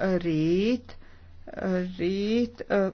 rīt, rīt.